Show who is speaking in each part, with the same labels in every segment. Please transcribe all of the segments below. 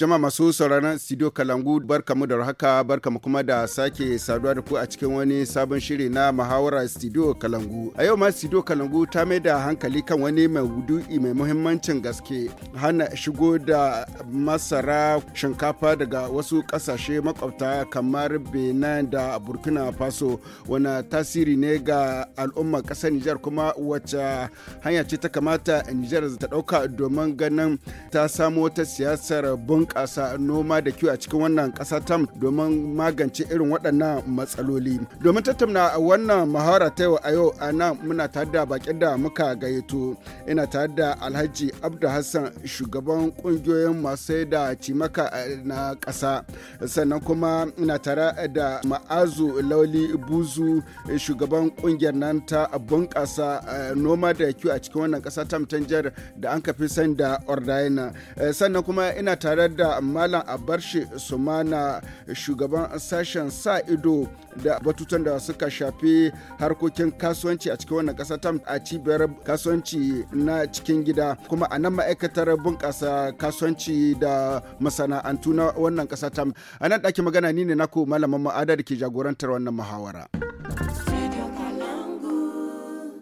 Speaker 1: Jama masu sauraron studio Kalangu barkamu da haka barkamu kuma da sake saduwa da ku a cikin wani sabon shiri na muhawara studio Kalangu. A yau ma studio Kalangu ta mai da hankali kan wani mai wudu'i mai muhimmancin gaske hana shigo da masara shinkafa daga wasu kasashe makwabta kamar Benin da Burkina Faso wani tasiri ne ga al'ummar kasar Nijar kuma wacce hanya ce ta kamata Nijar ta ɗauka domin ganin ta samo wata siyasar bunƙasa bunƙasa noma da kiwo a cikin wannan ƙasa tam domin magance irin waɗannan matsaloli. Domin tattauna wannan muhawara ta yau a yau a nan muna tare da bakin da muka gayyato ina tare da Alhaji abdulhassan Hassan shugaban ƙungiyoyin masu da cimaka eh, na ƙasa sannan kuma ina tare da Ma'azu Lauli Buzu eh, shugaban ƙungiyar nan ta bunƙasa eh, noma da kiwo a cikin wannan ƙasa tam tanjar da an kafi san da Ordaina sannan kuma ina tare da da Malam Abarshe mana shugaban sashen sa ido da batutan da suka shafi harkokin kasuwanci a cikin wannan kasa tam a cibiyar kasuwanci na cikin gida kuma a nan ma'aikatar bunƙasa kasuwanci da masana'antu na wannan kasa tam a nan ɗakin magana ni ne ko malamin ma'ada da ke jagorantar wannan muhawara.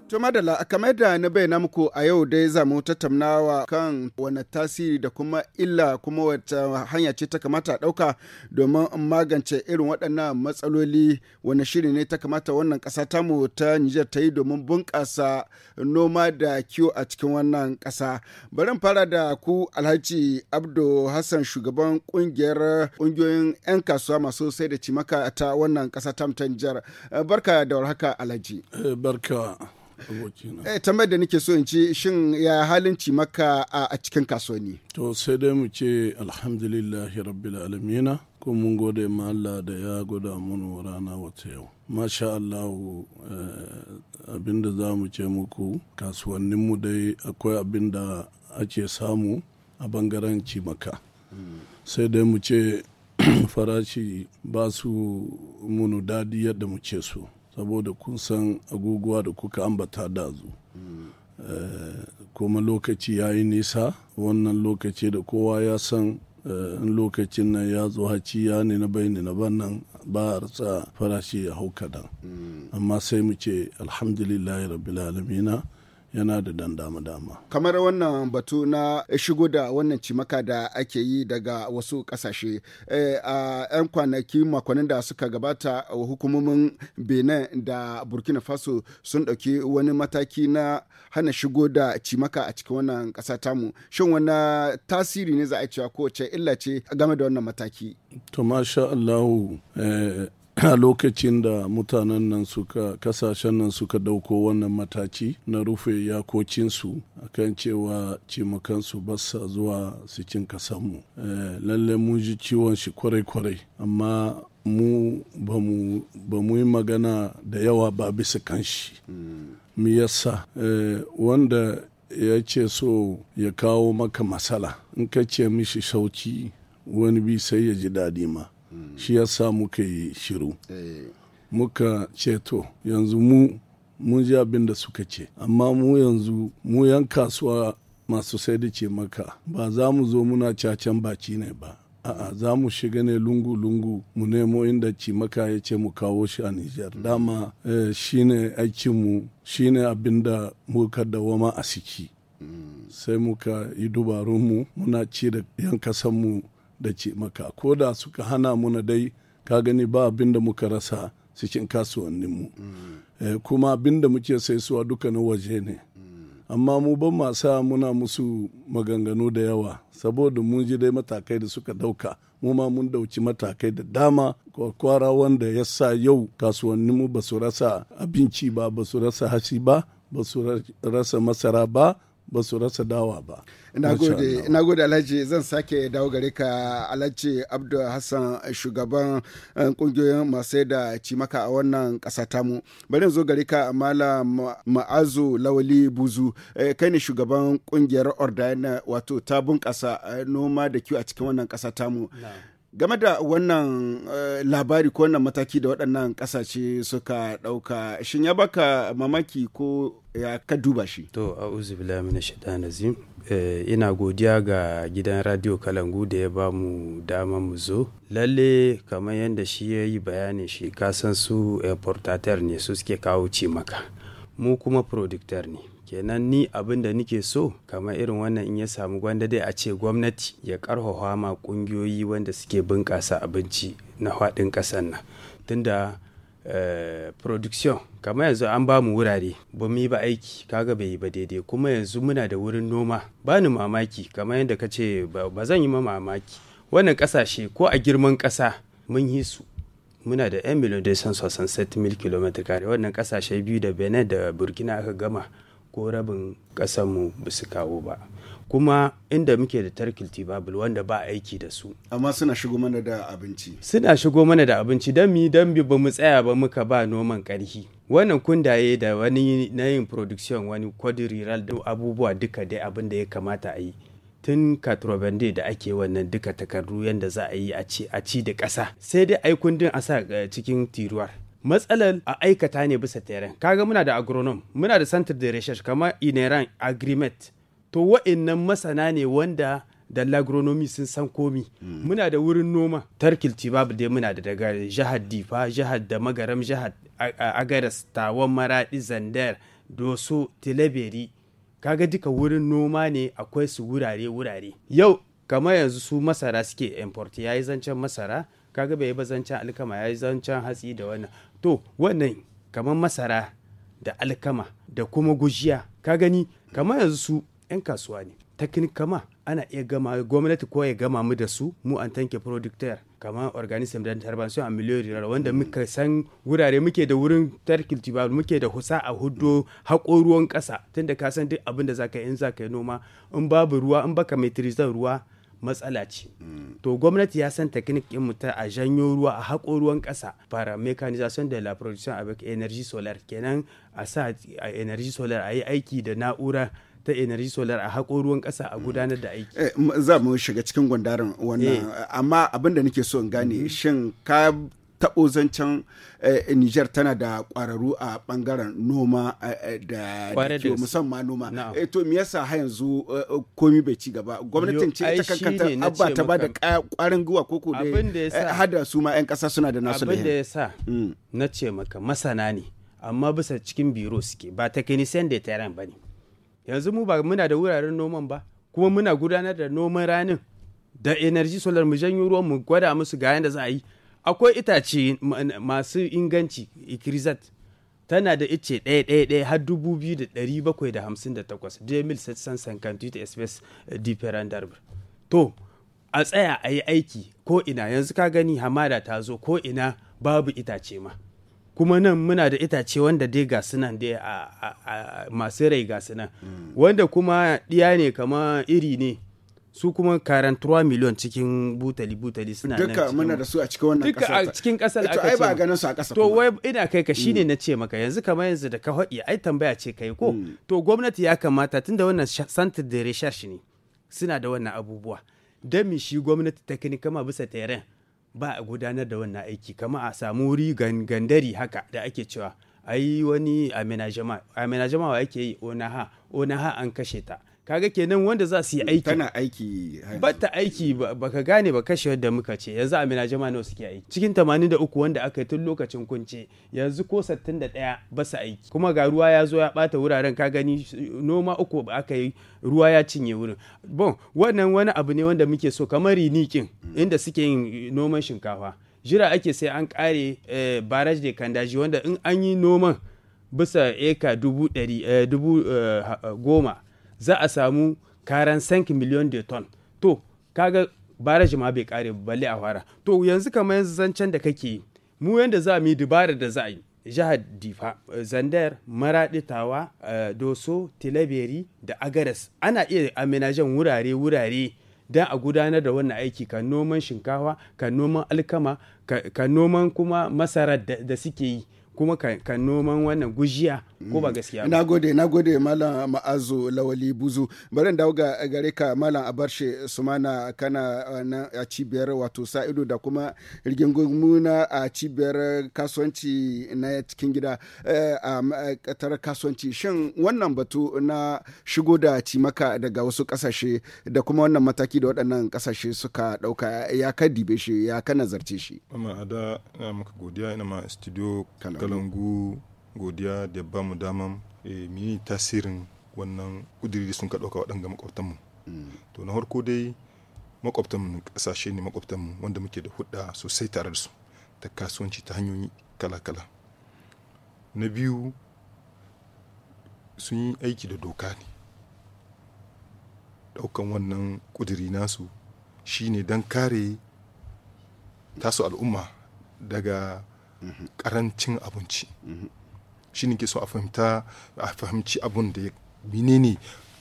Speaker 1: To madala kamar da na bayyana muku a yau dai za mu tattaunawa kan wani tasiri da kuma illa kuma wata hanya ce ta kamata a ɗauka domin magance irin waɗannan matsaloli wani shiri ne ta kamata wannan ƙasa ta mu ta Nijar ta yi domin bunƙasa noma da kiwo a cikin wannan ƙasa. barin fara da ku Alhaji Abdu Hassan shugaban ƙungiyar ƙungiyoyin 'yan kasuwa masu sai da cimaka ta wannan ƙasa mu ta Nijar. Barka da warhaka Alhaji.
Speaker 2: Eh, barka. abokina
Speaker 1: eh tambayar da nake so in ci shin ya halin cimaka a cikin kasuwanni
Speaker 2: to sai dai mu ce alhamdulillahi rabbil alamina ko mun gode ma Allah da ya gwada mun rana wata yau masha Allah eh, abinda za mu ce muku kasuwannin mu dai akwai abinda ake samu a bangaren cimaka sai dai mu ce farashi ba su munu dadi yadda mu ce su saboda kun san aguguwa da kuka ambata da zu eh, kuma lokaci ya yi nisa wannan lokaci da kowa ya san eh, in lokacin nan ya zo haci ya ne na bayani na bannan ba a rasa farashi ya hau kadan mm. amma sai mu ce alhamdulillahi rabbil alamina yana da dan dama dama
Speaker 1: kamar wannan batu na shigo da wannan cimaka da ake yi daga wasu kasashe eh, a yan kwanaki makonin da suka gabata hukumomin benin da burkina faso sun ɗauki wani mataki na hana shigo da cimaka a cikin wannan ƙasa tamu shin wani tasiri ne za a cewa kowace illa ce game da wannan mataki
Speaker 2: to eh, a lokacin da mutanen nan suka kasashen nan suka dauko wannan mataci na rufe yakocinsu a kan cewa cimakansu basa zuwa su cin kasanmu eh, lalle mun ji ciwon shi kwarai-kwarai amma mu ba mu yi magana da yawa ba bisa kan shi mu hmm. yasa eh, wanda ya ce so ya kawo maka masala in ka ce mishi sauki wani bi sai ya ji daɗi ma shi ya sa muka yi shiru eh. muka ce to yanzu mu mun ji abin da suka ce amma mu yanzu mu yan kasuwa masu sai da ce maka ba za mu zo muna cacen baci ne ba a'a za mu shiga ne lungu-lungu mu nemo inda cimaka ya ce mu kawo shi a Nijar. Mm. Dama eh, shi ne aikinmu shi ne abin da muka dawama a siki. Mm. Sai muka yi dubarunmu muna ci da yan kasanmu da ce maka ko da suka hana muna dai ka gani ba abin da muka rasa cikin kasuwanninmu eh, kuma abin da muke suwa duka na waje ne amma mu ban masa muna musu maganganu da yawa saboda mun ji dai matakai da suka dauka mu ma mun dauci matakai da dama kwakwara wanda ya sa yau kasuwanninmu ba su rasa abinci ba ba su rasa hasi ba ba su rasa masara ba ba su rasa dawa ba. Ina
Speaker 1: gode Alhaji zan sake dawo gare ka Alhaji Abdul Hassan eh, shugaban kungiyoyin eh, masu da cimaka a wannan ƙasa tamu. Bari zo gare ka Mala Ma'azu Lawali Buzu eh, kai ne shugaban kungiyar Ordana wato ta bunƙasa noma da kiwo a cikin wannan ƙasa tamu. game da wannan eh, labari ko wannan mataki da waɗannan ƙasashe suka ɗauka shin ya baka mamaki ko ya ka
Speaker 3: duba shi to a billahi eh, ina godiya ga gidan radio kalangu da ya ba mu dama mu zo lalle kamar yadda shi ya yi bayani shi kasan su importateur eh, ne su suke kawo cimaka mu kuma producteur ne kenan ni abin da nike so kamar irin wannan in ya samu gwanda dai a ce gwamnati ya karfafa ma kungiyoyi wanda suke bunƙasa abinci na faɗin ƙasar nan tunda eh, production kamar yanzu an ba mu wurare ba mu yi ba aiki kaga bai yi ba daidai kuma yanzu muna da wurin noma ba ni mamaki kamar yadda ka ce ba zan yi ma mamaki wannan kasashe ko a girman ƙasa mun yi su muna da 'yan miliyan set mil kilometer kare wannan kasashe biyu da benin da burkina aka gama ko rabin ƙasarmu ba su kawo ba kuma inda muke da tarkilti babul wanda ba aiki da su amma suna shigo mana da abinci suna shigo mana da abinci don mi don ba mu tsaya ba muka ba noman ƙarfi wannan kundaye da wani na yin production wani quadrilateral da abubuwa duka dai abin da ya kamata a yi tun katrobande da ake wannan duka takardu yadda za a yi a ci da ƙasa sai dai a yi kundin a sa eh, cikin tiruwar matsalar a aikata ne bisa teren kaga muna da agronom muna da center da research kamar ineran agreement to wa'annan masana ne wanda da lagronomi sun san komi hmm. muna da wurin noma tarkilci babu dai muna da daga jihar difa jihar da magaram jihar agaras tawon maradi zandar doso tilaberi kaga duka wurin noma ne akwai su wurare wurare yau kamar yanzu su masara suke import yi zancen masara kaga bai yi ba zancen alkama yi zancen hatsi da wannan to wannan kamar masara da alkama da kuma gujiya ka gani kamar yanzu su 'yan kasuwa ne kama ana iya gama gwamnati ko ya gama mu da su mu an tanke producteur kama organism da intervention a miliyoyi wanda muka san wurare muke da wurin tarkil jibar muke da husa a hudo haƙo ruwan ƙasa tunda ka san duk abin da zaka yi in zaka yi noma in babu ruwa in baka mai ruwa matsala ce mm. to gwamnati ya san teknik mu ta a janyo ruwa a haƙo ruwan ƙasa para mechanization de la production avec energy solar kenan a sa energy solar a yi aiki da na'ura ta energy solar a haƙo ruwan ƙasa a mm. gudanar da aiki.
Speaker 1: Eh, za mu shiga cikin gwandarin wannan eh. amma abin da nake so in gane mm-hmm. shin ka taɓo zancen eh, Nijar tana da ƙwararru a ɓangaren noma eh, eh, da kiwo musamman noma. To me yasa ha yanzu komi bai ci gaba? Gwamnatin ce ta kankanta abba ta ba da ƙwarin gwiwa ko ko hada su ma 'yan ƙasa suna da nasu da Abin da ya
Speaker 3: sa mm. na ce maka masana ne amma bisa cikin biro suke ba technician da tayaran ba ne. Yanzu mu ba muna da wuraren noman ba kuma muna gudanar da noman ranin da energy solar mu janyo ruwan mu gwada musu ga yanda za a yi akwai itace masu inganci ikirizat tana da ice ɗaya ɗaya ɗaya har dubu biyu da ɗari bakwai da hamsin da takwas deux sassan sept cent cinquante huit to a tsaya a yi aiki ko ina yanzu ka gani hamada ta zo ko ina babu itace ma kuma nan muna da itace wanda dai ga nan dai a, masu rai ga nan mm. wanda kuma ɗiya ne kama iri ne su kuma karan 3 miliyon cikin butali butali suna nan duka muna da su a cikin wannan duka a cikin kasar aka ce ai ba ganin su a kasa to wai ina kai ka shine mm. na ce maka yanzu kamar yanzu da ka haɗi ai tambaya ce kai ko mm. to gwamnati ya kamata tunda wannan center de recherche ne suna da wannan abubuwa don mi shi gwamnati ta kini kama bisa teren ba a gudanar da wannan aiki kama a samu wuri gandari haka da ake cewa ai wani amenajama amenajama wa ake yi onaha onaha an kashe ta kaga kenan wanda za su yi aiki tana aiki ba ta aiki ba ka gane ba kashe yadda muka ce yanzu amina jama'a nawa suke aiki cikin 83 wanda aka yi tun lokacin kunce yanzu ko 61 ba su aiki kuma ga ruwa ya zo ya bata wuraren ka gani noma uku ba aka yi ruwa ya cinye wurin bon wannan wani abu ne wanda muke so kamar rinikin inda suke yin noman shinkafa jira ake sai an kare eh, baraj da kandaji wanda in an yi noman bisa eka dubu eh, eh, goma za a samu karan 5 miliyon de ton to kaga baraji ma bai kare balle a fara to yanzu kamar yanzu zancen da kake mu yanda za mu yi dubara da za a yi jihar difa eh, zandar maraditawa eh, doso tilaberi da agares ana iya aminajen wurare-wurare don a gudanar da wannan aiki kan noman shinkawa kan noman alkama kan noman kuma masara da suke yi kuma kan noman wannan gujiya ko ba gaskiya ba.
Speaker 1: Nagode, nagode malam ma'azu lawali buzu bari dawo ga gare ka malam abarshe sumana kana eh, na a cibiyar wato sa ido da kuma rigingimu na a cibiyar kasuwanci na cikin gida eh, a katar kasuwanci shin wannan batu na shigo da cimaka daga wasu kasashe da kuma wannan mataki da waɗannan kasashe suka ɗauka ya ka dibe shi ya ka nazarce shi.
Speaker 4: Mama Ada, ina maka godiya ina ma studio Kalangu godiya da ba mu daman eh, mini tasirin wannan kudiri da sun ka ɗauka waɗanda makwabtanmu mm. to na harko dai makwabtanmu ƙasashe ne makwabtanmu wanda muke da hudda sosai tare da su ta kasuwanci ta hanyoyi kala-kala na biyu sun yi aiki da doka ne ɗaukan wannan kudiri nasu shine don kare tasu al'umma daga karancin mm-hmm. abinci mm-hmm. shi ne ke so a fahimta a fahimci abun da ya menene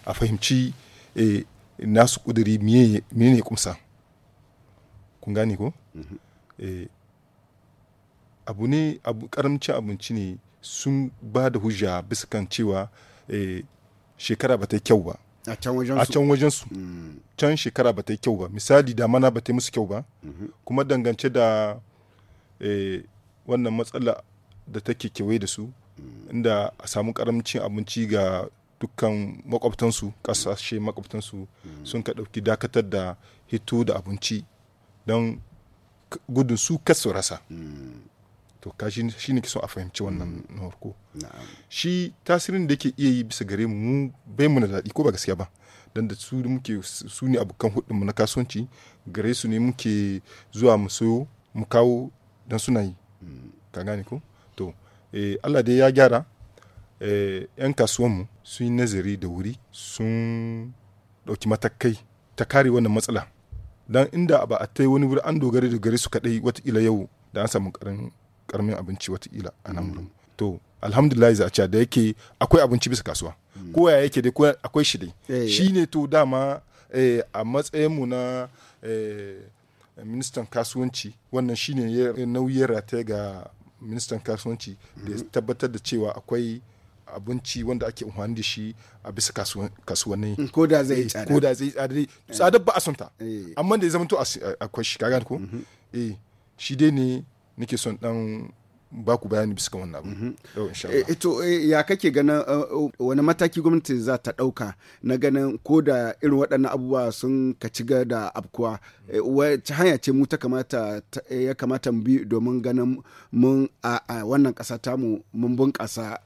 Speaker 4: a fahimci eh, nasu kuduri menene kumsa kun gane ko mhm. eh, abu ne abu karamci abinci ne sun ba da hujja bisa kan cewa eh, shekara ba ta yi kyau ba a can wajen su mm. can shekara ba ta yi kyau ba misali da mana ba ta yi musu kyau ba mhm. kuma dangance da wannan matsala da take kewaye da su inda a samu karamcin abinci ga dukkan makwabtansu kasashe makwabtansu sun ka dauki dakatar da hito da abinci don gudun su kasu rasa to ka shi ne kisan a fahimci wannan na farko shi tasirin da yake iya yi bisa gare mu bai mu na daɗi ko ba gaskiya ba don da su muke su ne abokan hudunmu na kasuwanci gare su ne muke zuwa mu sayo mu kawo don suna yi mm. ka gane ko Eh, allah dai ya gyara eh, 'yan kasuwanmu sun yi nazari da wuri sun ɗauki matakai ta kare wannan matsala don inda ba a ta wani wuri an dogare da gare su kaɗai watakila yau da an samu ƙaramin abinci watakila a nan wurin to alhamdulillah za a ce da yake akwai abinci bisa kasuwa ko ya yake dai akwai shi dai eh. shi ne to dama a matsayinmu na ministan kasuwanci wannan shine nauyin rataya ga ministan kasuwanci da ya tabbatar da cewa akwai abinci wanda ake umarni da shi a bisa kasuwanni mm, ko da zai eh, tsada ko da zai tsada tsadar ba a sunta eh. amma da ya zama to akwai shi kagan ko mm-hmm. eh shi dai ne nake son dan ba ku bayani bisa wannan abu. Mhm. Eh,
Speaker 1: eh, ya kake ganin eh, oh, wani mataki gwamnati za ta ɗauka na ganin ko da irin waɗannan abubuwa sun ka ci da abkuwa wacce hanya ce mu ta kamata ya kamata mu bi domin ganin mun a wannan ƙasa mu mun bunƙasa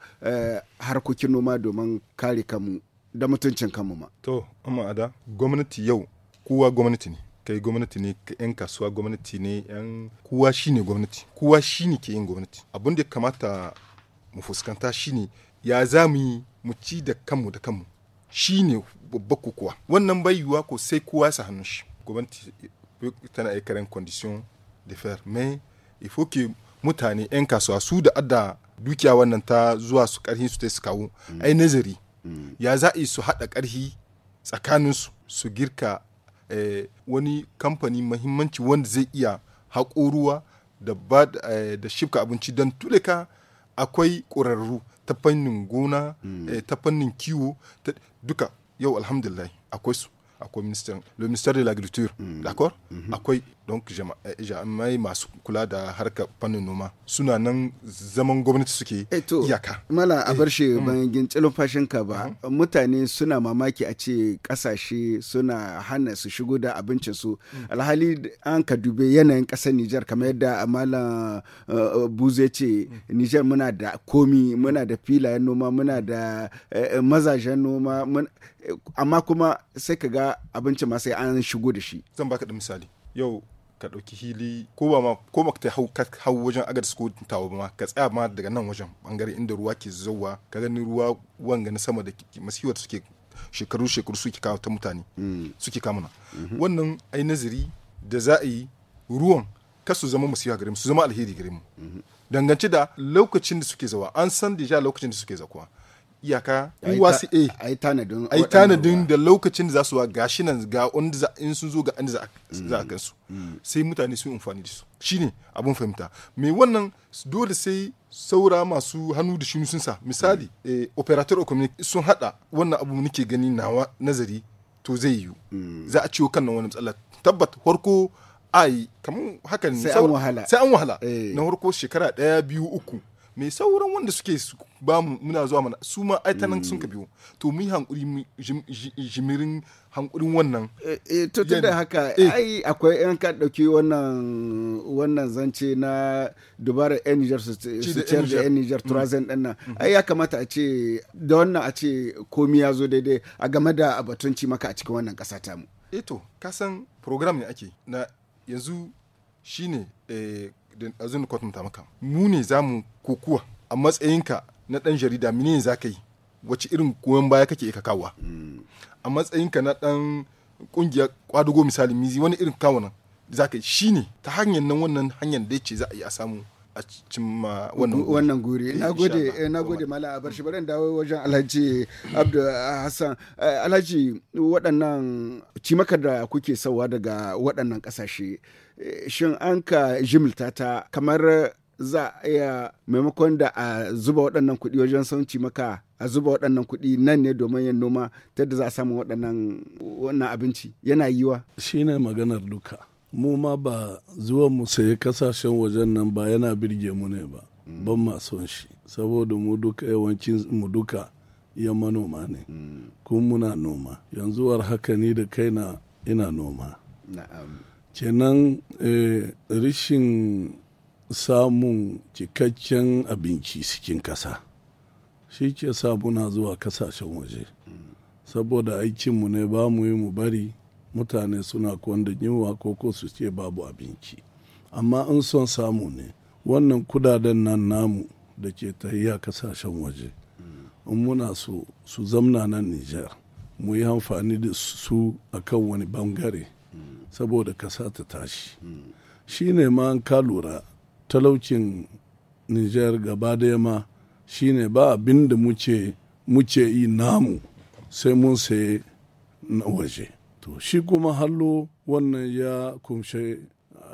Speaker 1: harkokin noma domin kare
Speaker 4: kanmu da mutuncin kanmu ma. To, amma ada gwamnati yau kowa gwamnati ne. kai gwamnati ne yan kasuwa gwamnati ne yan kowa shine gwamnati kowa shine ke yin gwamnati abin da kamata mu fuskanta shine ya za mu yi mu ci da kanmu da kanmu shine babba kuwa wannan bai yiwuwa ko sai kowa sa hannun shi gwamnati tana yi karen condition de faire mais il faut que mutane yan kasuwa su da adda dukiya wannan ta zuwa su karhi su su kawo mm. ai nazari mm. ya za su haɗa karhi tsakaninsu su girka Eh, wani kamfani mahimmanci wanda zai iya haƙo ruwa da, eh, da shifka abinci don ka akwai ƙwararru ta fannin gona hmm. eh, ta fannin kiwo duka yau alhamdulillah akwai su akwai minister, de l'agriculture hmm. d'accord hmm. akwai don jami'ai masu eh, eh, kula da harkar fannin noma suna nan zaman gwamnati suke eh, iyaka
Speaker 1: mala a bar shi mm. ban
Speaker 4: gince ka ba
Speaker 1: mutane suna mamaki a ce kasashe suna hana su shigo da abincin su mm. alhali an ka dube yanayin kasar Nijar kamar yadda malam buze ce mm. Nijar muna da komi muna da filayen noma muna da mazajen noma amma kuma sai ka ga abincin masu an shigo da shi zan baka
Speaker 4: da misali yau ka ɗauki hili ko ba ma ko ba ta hau wajen agar ko tawo ba ma ka tsaya ma daga nan wajen bangare inda ruwa ke zauwa ka gani ruwa wanga na sama da masiwar suke shekaru shekaru suke kawo ta mutane mm. suke kamuna mm-hmm. wannan ai nazari da za a yi ruwan ka su zama musiya gare mu su zama alheri gare mu mm-hmm. dangance da lokacin da suke zawa an san deja lokacin da suke zakuwa iyaka uwaca eh. a yi tanadin a yi tanadin da lokacin da za su wa gashi nan ga wanda in sun zo ga an za a gansu mm, mm. sai mutane sun amfani da su shine abun fahimta me wannan dole sai saura masu hannu da shinu sun sa misali mm. eh, operator economic sun hada wannan abu nake gani nawa nazari to zai yiwu za a ciwo kan nan wani matsala tabbat farko yi kamar hakan sai an wahala eh. na farko shekara daya biyu uku me sauran wanda suke ba mu muna zuwa mana su ma ai tanan sun ka mm. biyo to mu yi hankuri jimirin hankurin wannan
Speaker 1: eh, eh to tunda haka eh. ai akwai yan ka dauki wannan wannan zance na dubara yan Niger su ciyar da yan Niger mm. Turazen din nan mm-hmm. ai ya kamata a ce da wannan a ce
Speaker 4: komi ya zo daidai a game da abatunci maka a cikin wannan kasa ta mu eh to kasan program ne ake na yanzu shine eh, da azun kwatanta maka mu ne za mu kokuwa a matsayinka na dan jarida mene za ka yi wace irin goyon baya kake ka kawo a matsayinka na dan ƙungiyar kwadugo misali mizi wani irin kawo nan za ka yi shine ta hanyar nan wannan hanyar da ce za a yi a samu a cimma wannan wannan guri eh, eh, na gode
Speaker 1: na gode mala a bar shi bari dawo wajen
Speaker 4: alhaji abdu
Speaker 1: eh, hassan alhaji waɗannan cimakar da kuke sauwa daga waɗannan ƙasashe shin an ka jimilta ta kamar za a iya maimakon da a zuba waɗannan kuɗi wajen sauci maka a zuba waɗannan kuɗi nan ne domin yin noma ta da za a samu waɗannan wannan abinci yana yiwa
Speaker 2: ne maganar duka mu ma ba zuwa mu sayi kasashen wajen nan ba yana birge mu ne ba mm. ban ma son shi saboda mu duka yawancin mu duka ya manoma ne mm. kuma muna noma yanzu war haka ni da kaina ina noma na'am kenan eh, rishin samun cikakken abinci cikin ƙasa shi ke sa muna zuwa kasashen waje saboda aikinmu ne ba mu yi mu bari mutane suna kwanda yunwa ko ko su ce babu abinci amma in son samu ne wannan kudaden nan namu da ke tahiya kasashen waje in muna so su zamna nan nijar mu yi amfani da su akan wani bangare saboda kasa ta tashi shi ne ma an ka lura talaucin nijar gaba da ma shi ne ba abin da muke yi namu sai mun saye na waje to shi kuma hallo wannan ya kunshe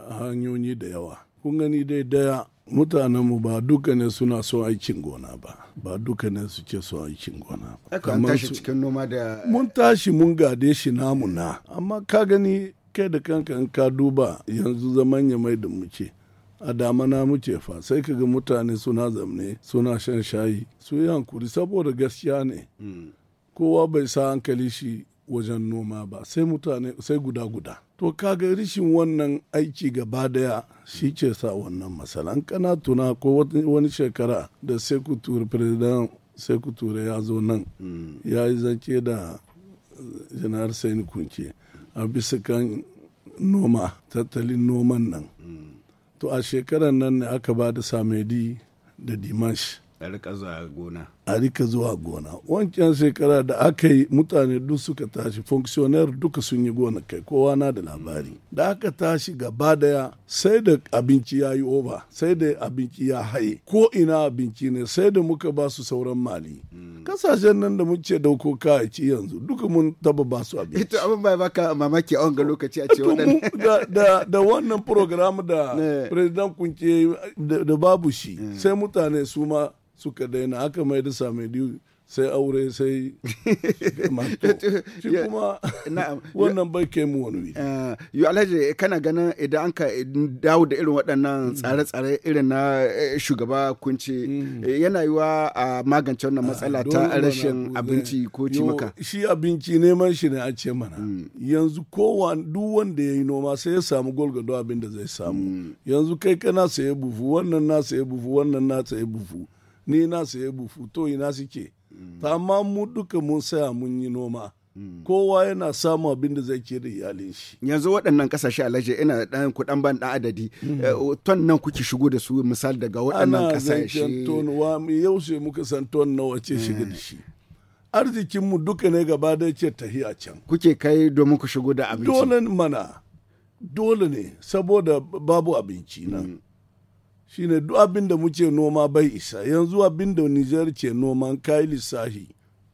Speaker 2: hanyoyi da yawa kun gani dai daya mutanenmu ba duka ne suna son aikin gona ba ba duka ne su ce son aikin gona ba mun tashi mun gade shi namu na amma ka gani kai da kanka in ka duba yanzu zaman ya mai da muke a na muke fa sai ka ga mutane suna zamne suna shan shayi su yi hankuri saboda gaskiya ne hmm. kowa bai sa hankali shi wajen noma ba sai mutane sai guda-guda to kaga rishin wannan aiki gaba daya shi ce sa wannan matsala kana tuna ko wani shekara da sekutur president sekuture ya zo nan mm. ya yi zance da janar eh, saini kunke a bisa kan noma tattalin noman nan mm. to a shekarar nan ne aka ba da samedi da dimash gona a rika zuwa gona wancan shekara da aka yi mutane duk suka tashi funksiyonar duka sun yi gona kai kowa na da labari da aka tashi gaba daya sai da abinci ya yi oba sai da abinci ya haye ko ina abinci ne sai da muka ba su sauran mali hmm. kasashen nan da muke dauko kayaci yanzu duka mun taba ba su abinci ito abin bai baka mamaki a wanga lokaci a ce da wannan program da president kunce da babu shi hmm. sai mutane su ma suka daina aka mai da samediyu sai aure sai shi kuma wannan bai ke mu wani yi eh,
Speaker 1: alhaji kana ganin idan an ka dawo da irin waɗannan mm. tsare-tsare irin na eh, shugaba kunce mm. eh, yana yiwa a magance wannan matsala ta rashin abinci ko maka
Speaker 2: shi abinci neman shi ne a ce mana mm. yanzu kowa duk wanda ya yi noma sai ya samu golgado abin da zai samu yanzu kai kana saye bufu wannan na saye bufu wannan na saye bufu ni na ya bufu to ina suke mm. ta amma mu duka mun saya mun yi noma mm. kowa yana samun abin da zai ke da iyalin shi yanzu waɗannan
Speaker 1: kasashe alaje ina dan kuɗan ban ɗan adadi mm. eh, ton nan kuke shigo da su misal daga waɗannan kasashe ana ton
Speaker 2: wa yau sai muka san ton nawa ce shiga da shi arzikinmu duka ne gaba da ce tahi a can kuke kai domin ku shigo da abinci dole mana dole ne saboda babu abinci nan shine duk abin da muke noma bai isa yanzu abin da Nijar ce noman kai lissafi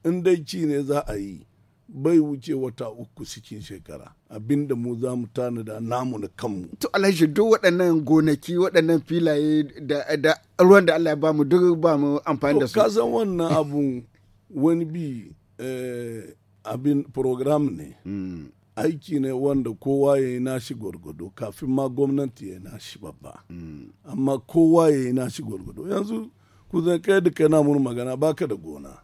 Speaker 2: in dai ci ne za a yi bai wuce wata uku cikin shekara abin da mu za mu tanada namu na kanmu. To Alhaji duk waɗannan gonaki waɗannan filaye da
Speaker 1: ruwan da Allah ya bamu duk ba mu amfani da su. Ka san wannan
Speaker 2: abun wani bi eh, abin program ne. Hmm. aiki ne wanda kowa ya yi nashi gwargwado kafin ma gwamnati ya yi nashi babba amma kowa ya yi nashi gwargwado yanzu zai kai da kai mun magana baka da gona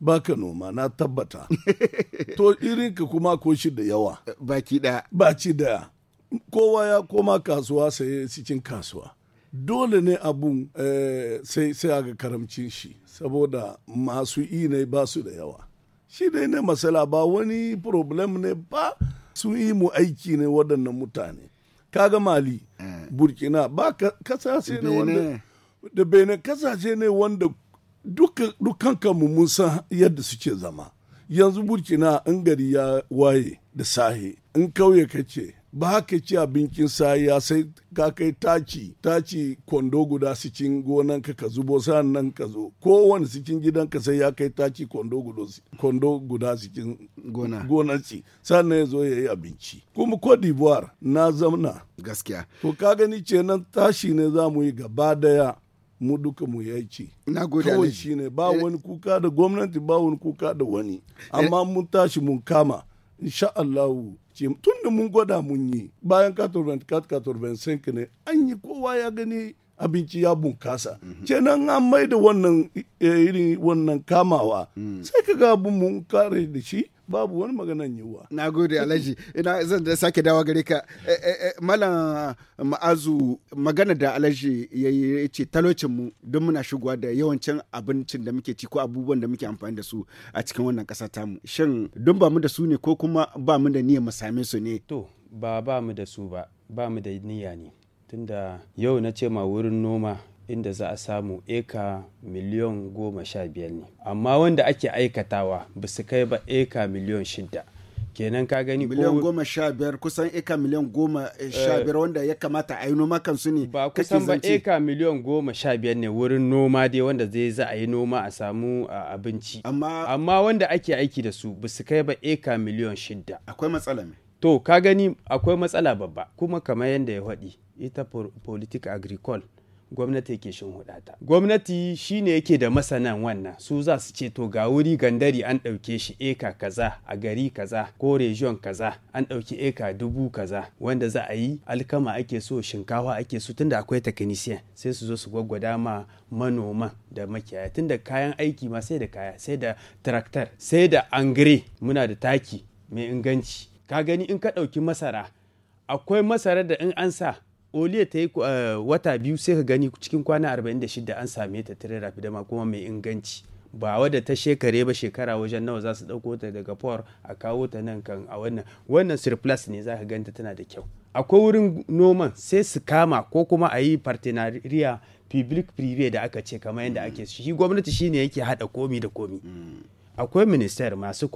Speaker 2: baka noma na tabbata to irin ka kuma ko shi da yawa baki daya baki daya kowa ya koma kasuwa sai cikin kasuwa dole ne abun eh, sai aga karamcin shi saboda masu yi ne ba su da yawa shi ne na masala ba wani problem ne ba sun yi mu aiki ne waɗannan mutane kaga mali eh. burkina ba kasashe ne wanda da benin kasashe ne wanda dukkan kanmu mun san yadda suke zama yanzu burkina in gari ya waye da sahe in kauye kace ba ka ci abincin saya sai ka kai taci taci kwando guda cikin gonan ka ka zubo sa'an nan ka zo kowane cikin gidan ka sai ya kai taci kwando guda guda cikin gonan ci sa'an nan ya zo ya yi abinci kuma Cote d'Ivoire na zamna gaskiya to ka gani nan tashi ne za mu yi gaba daya mu duka mu yanci. Na gode Kawai shine ba wani kuka da gwamnati ba wani kuka da wani. Eh, Amma mun tashi mun kama. insha Allahu tun da mun gwada mun yi bayan 94-95 ne an yi kowa ya gani abinci ya bunkasa mhm. kenan an mai da wannan eh, irin wannan kamawa mm. sai ka ga mun kare da shi babu wani maganan yiwuwa. Na gode Alhaji, ina zan da sake dawa gare ka. Eh,
Speaker 1: eh, eh, Malam Ma'azu magana da Alhaji ya ce talocin mu don muna shigowa da yawancin abincin da muke ci ko abubuwan da muke amfani da su a cikin wannan ƙasa mu Shin don ba mu da su ne ko kuma ba mu da niyyar mu same su ne? To,
Speaker 3: ba ba mu da su ba, ba mu da niyya ne. Tunda yau na ce ma wurin noma inda za a samu eka miliyon goma sha biyar ne amma wanda ake aikatawa ba su kai ba eka miliyon shida kenan ka gani miliyan goma
Speaker 1: sha biyar kusan eka miliyan goma eh, sha eh, biyar wanda ya kamata a yi noma kansu ne ba kusan ba eka
Speaker 3: miliyan goma sha biyar ne wurin noma dai wanda zai za a yi noma a samu abinci amma wanda ake aiki da su ba su kai ba eka miliyan shida akwai matsala ne to ka gani akwai matsala babba kuma kamar yadda ya faɗi ita politik agricole gwamnati yake shinhuda ta gwamnati shine yake da masanan wannan su za su ce to ga wuri gandari an ɗauke shi eka kaza a gari kaza ko region kaza an ɗauki eka dubu kaza wanda za a yi alkama ake so shinkawa ake so tunda akwai technician sai su zo su gwaggwada ma manoman da makiyaya tunda kayan aiki ma sai da kaya sai da tractor sai da angre muna da taki mai inganci ka gani in ka ɗauki masara akwai masara da in an sa oliya ta yi eh, wata biyu sai ka gani cikin kwana 46 an same ta tare rafidama kuma mai inganci ba wadda ta shekare ba shekara wajen nawa za su ɗauko ta daga por a kawo ta nan kan a wannan wannan surplus ne za ka ganta tana da kyau akwai wurin noman sai su kama ko kuma a yi partenariya public private da aka ce kamar yadda ake shi gwamnati shine yake haɗa komi da komi mm. akwai minister masu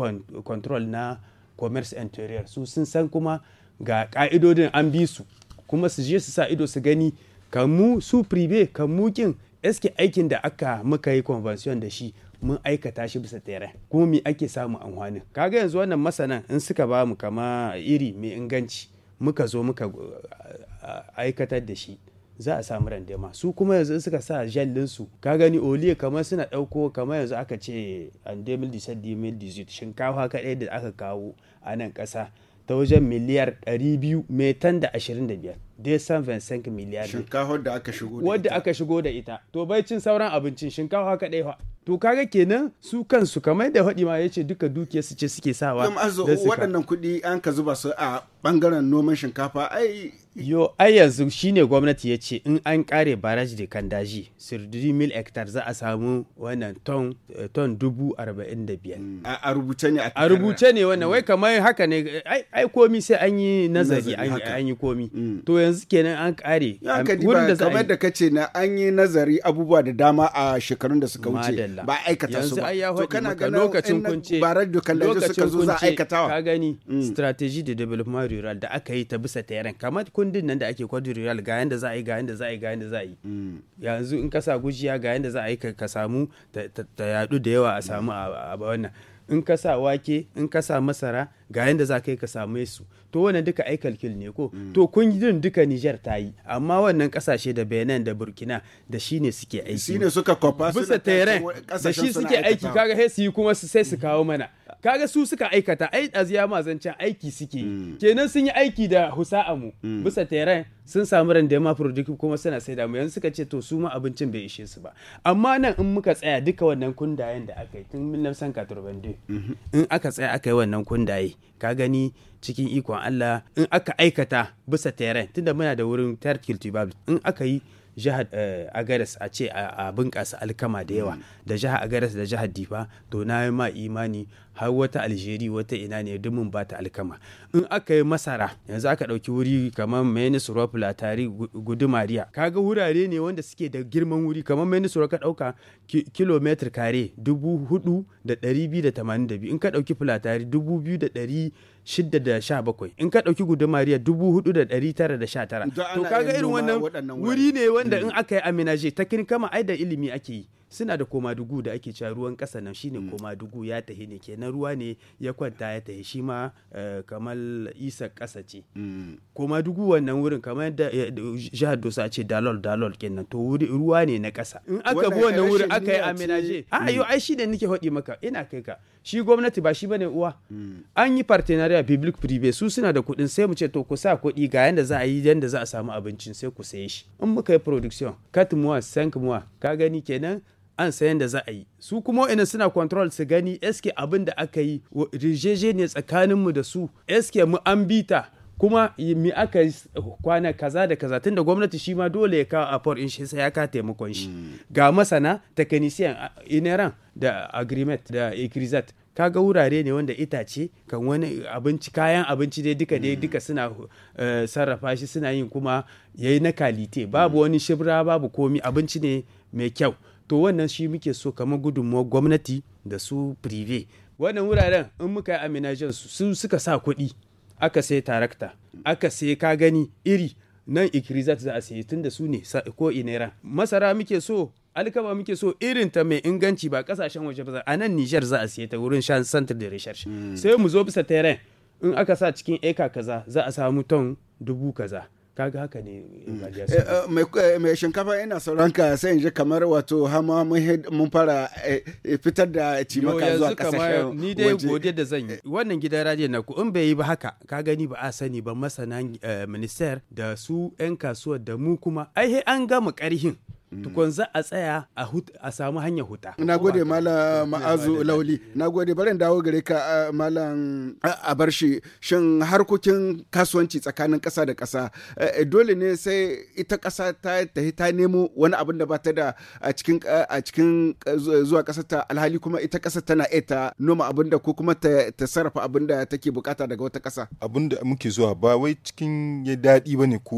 Speaker 3: control na commerce interior su sun san kuma ga ka'idodin an bi su kuma su je su sa ido su gani kamu su pribe kamu kin eske aikin da aka muka yi convention da shi mun aikata shi bisa tere kuma me ake samu Ka kaga yanzu wannan masanan in suka ba mu kama iri mai inganci muka zo muka uh, uh, aikatar da shi za a samu randama su kuma yanzu in suka sa su ka gani oliye kamar suna ɗauko kamar yanzu aka ce an 2017 shinkafa kaɗai da aka kawo a nan ƙasa ta wajen miliyar 200 metan da 25 miliyar da aka shigo da wadda aka shigo da ita to bai cin sauran abincin shinkafa kaɗai fa to kaga kenan su kansu kamar da haɗi ma ya ce duka dukiyar su ce suke sawa waɗannan kuɗi an ka zuba su a ɓangaren noman shinkafa ai Yo, ai yanzu shine gwamnati ya ce in an kare baraji da kan daji, sirdiri mil hectare za a samu wannan ton, eh, ton dubu arba'in da biyar. Hmm. A rubuce ne a rubuce ne wannan, hmm. wai kamar haka ne, ai komi sai an yi nazari an yi komi. Hmm. To yanzu kenan an kare. Wurin da kamar da
Speaker 1: kace na an yi nazari abubuwa da dama a shekarun da suka wuce ba aikata su ba. To kana ganin lokacin kunce baraji da kan daji suka zo za a aikatawa.
Speaker 3: Ka gani strategy de development rural da aka yi ta bisa tayaran kamar kundin nan da ake quadrilateral ga yanda za a yi ga yanda za a yi ga yanda za a yi mm. yanzu in ka sa gujiya ga yanda za a yi ka samu ta yadu da yawa a samu a wannan in ka sa wake in ka sa masara ga yanda za ka yi ka same su to wannan duka ai ne ko mm. to kun jin duka Niger ta yi amma wannan kasashe da Benin da Burkina da shine suke aiki shine suka kofa bisa teren da shi suke aiki kaga sai su yi kuma sai su kawo mana kaga su suka aikata ai aziya ma zancen aiki suke mm. kenan sun yi aiki da husa mu. Mm. bisa teren sun samu rendema product kuma suna sai mu yanzu suka ce to su ma abincin bai ishe su ba amma nan in muka tsaya duka wannan kundayen da aka yi tun katurbande mm-hmm. in aka tsaya aka yi wannan kundaye ka gani cikin ikon Allah in aka aikata bisa teren tunda muna da wurin tarkil tubabu in aka yi jihar eh, agares a ce a bunƙasa alkama da yawa da jihar agares da jihar difa to na yi ma imani har wata aljeri wata ina ne dumin ba ta alkama in aka yi masara yanzu aka ɗauki wuri kamar menis rofla tare gudumariya kaga wurare ne wanda suke da girman wuri kamar menis ka ɗauka kilometer kare dubu hudu da ɗari biyu da tamanin da biyu in ka ɗauki fulatari dubu biyu da ɗari bakwai. in ka ɗauki gudumariya tara. to kaga irin wannan wuri ne wanda mm. in aka yi aminaje ta kama ai da ilimi ake yi suna da koma dugu da ake cewa ruwan ƙasa nan shine mm. koma dugu ya tahi ne kenan ruwa ne ya kwanta ya tahi shi ma eh, kamar isa ƙasa ce mm. koma dugu wannan wurin kamar yadda eh, jihar dosa ce dalol dalol kenan to ruwa ne na ƙasa in aka bi wannan wurin aka yi amenaje a mm. yau ai shi da nake hodi maka ina kai ka shi gwamnati ba shi bane uwa an yi partenariat public private su suna da kuɗin sai mu ce to ku sa kuɗi ga yanda za a yi yanda za a samu abincin sai ku saye shi in muka yi production cut muwa sank muwa ka gani kenan an sayan da za a yi su kuma ina suna control su gani eske abin da aka yi rijeje ne tsakaninmu da su eske mu an bita kuma mi aka kwana kaza da kaza tunda gwamnati shi ma dole ya kawo afor in shi sai ya ka taimakon shi mm. ga masana technician ineran da agreement da ikrizat kaga wurare ne wanda itace kan wani abinci kayan abinci dai duka dai mm. duka suna eh, sarrafa shi suna yin kuma yayi na kalite babu mm. wani shibra babu komi abinci ne mai kyau to wannan shi muke so kamar gudunmuwar gwamnati da su prive wannan wuraren in muka yi aminajen su suka sa kuɗi aka sai tarakta aka sai ka gani iri nan ikirizat za a sayi tun da su ne ko inera masara muke so alkama muke so irin ta mai inganci ba kasashen waje ba a nan nijar za a sayi ta wurin shan santar da research hmm. sai mu zo bisa terrain in aka sa cikin eka kaza za a samu ton dubu kaza kaga haka ne eh, mm.
Speaker 1: eh, eh, mai shinkafa ina sauran ka sai in ji kamar wato hama mun fara fitar da cimaka zuwa kasashen ni dai
Speaker 3: godiya da zan yi wannan gidan radiyo na ku in bai yi ba haka ka gani ba a sani ba masana minister da su 'yan kasuwar da mu kuma ai an gama karhin Mm. tukun za a tsaya a samu hanyar huta.
Speaker 1: Na gode malam ma'azu lauli, na gode barin dawo gare ka malam a bar shi shin harkokin kasuwanci tsakanin ƙasa da ƙasa dole ne sai ita ƙasa ta tahi ta nemo wani abin da ba ta da a cikin zuwa ƙasa ta alhali kuma ita ƙasa tana iya ta noma abin da ko kuma ta sarrafa abin da take bukata daga wata ƙasa.
Speaker 4: Abin da muke zuwa ba wai cikin ya daɗi ba ne ko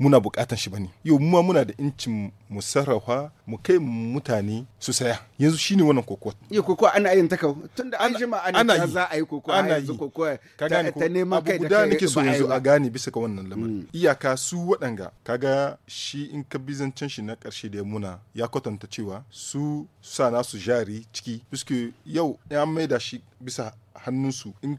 Speaker 4: muna bukatan shi ba ne. Yau mu muna da incin mu sarrafa mu kai mutane su saya yanzu shine wannan kokowa ya kokowa ana yin ta tun da an jima an ta za
Speaker 1: a yi kokowa ana yi kokowa ta neman kai da kai nake so yanzu a
Speaker 4: gane bisa ka wannan lamarin mm. iyaka su waɗanga kaga shi in ka bizancin shi na ƙarshe da muna ya kwatanta cewa su sa nasu jari ciki puisque yau ya maida shi bisa hannunsu in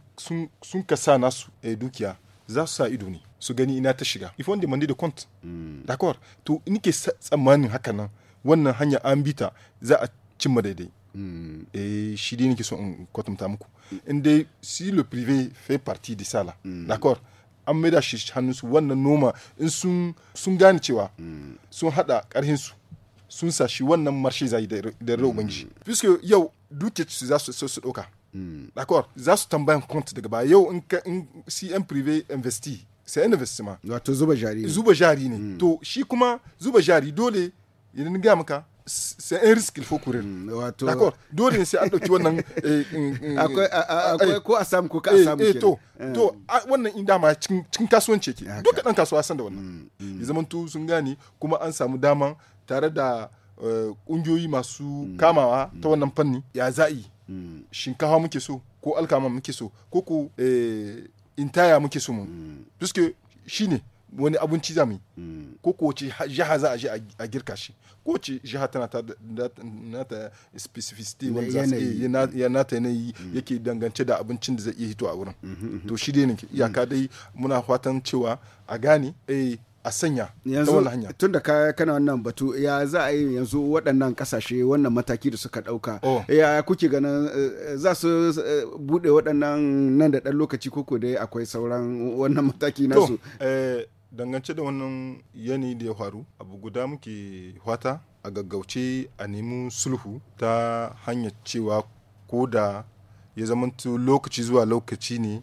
Speaker 4: sun ka sa nasu eh, dukiya za su sa ido ne su gani ina ta shiga if one mandi da kont mm. d'accord to ke tsammanin haka nan wannan hanya an bita za a cimma daidai mm. eh shi dai nake so in kwatanta muku in dai si le privé fait partie de ça là mm. d'accord an da shi su wannan noma in sun gane cewa sun hada su sun sa shi wannan marshe zai da rau ubangiji puisque yau duke su za su su doka d'accord za su tambayan compte daga ba yau in si un privé investi sai ma wato zuba jari zuba jari ne hmm. to shi kuma zuba jari dole idan ga maka sai in risk il faut courir hmm, wato d'accord dole ne sai an dauki wannan eh, eh, eh, akwai akwai ko a samu ko ka samu to to wannan in dama cikin kasuwanci yake duka dan kasuwa san da wannan hmm, ya zaman to sun gane kuma an samu dama tare da kungiyoyi masu kamawa ta wannan fanni ya za'i shinkawa muke so ko alkama muke so ko ko taya muke so mu mm. puisque shine wani abinci za yi mm. ko ko ce jiha za a je a girka shi ko ce jiha tana ta ta specificity wanda za su yi ya ta yanayi mm. yake dangance da abincin da zai iya hito a wurin mm-hmm, mm-hmm. to shi dai ne iyaka dai muna fatan cewa a gane eh a sanya yanzu hanya
Speaker 1: tun da kana wannan batu ya za a yi yanzu waɗannan kasashe wannan mataki da suka ɗauka oh. ya kuke ganin eh, za su eh, buɗe waɗannan nan da ɗan lokaci koko dai akwai sauran wannan mataki nasu eh,
Speaker 4: dangance da wannan yanayi da ya faru abu guda muke fata a gaggauce a nemi sulhu ta hanyar cewa ko da ya zamanto lokaci zuwa lokaci ne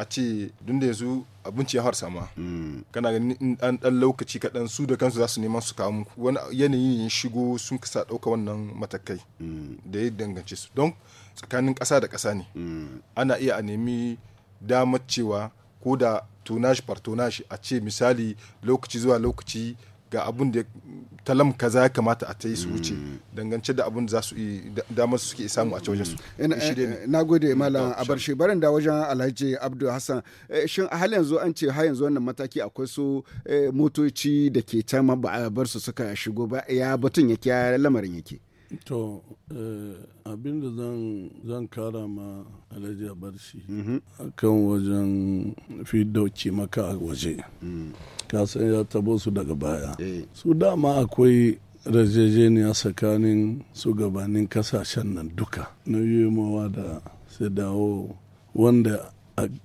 Speaker 4: a ce dun da yanzu abinci ya harsa ma mm. kana ganin an dan lokaci kaɗan su da kansu za su neman su kawo muku wani yanayin shigo sun kasa ɗauka wannan matakai mm. da ya dangance su don tsakanin ƙasa da ƙasa ne mm. ana iya a nemi damar cewa ko da tonage par tonage a ce misali lokaci zuwa lokaci ga abun da talam kaza ya kamata a ta yi su mm. wuce dangance da abun da za su yi damar su suke samu a wajen su. Eh, na gode malam abarshe
Speaker 1: barin da wajen Alhaji Abdu Hassan eh, shin a hal yanzu an ce har yanzu wannan mataki akwai su eh, motoci da ke can ba a bar su suka shigo ba ya batun yake ya lamarin yake.
Speaker 2: To eh, abin da zan kara ma Alhaji Abarshi a mhm. kan wajen dauki maka a waje. Mm. Kasan ya tabo su daga baya. Eh. Su dama akwai rajajeniya tsakanin su gabanin kasashen nan duka. Na mawa da sai dawo wanda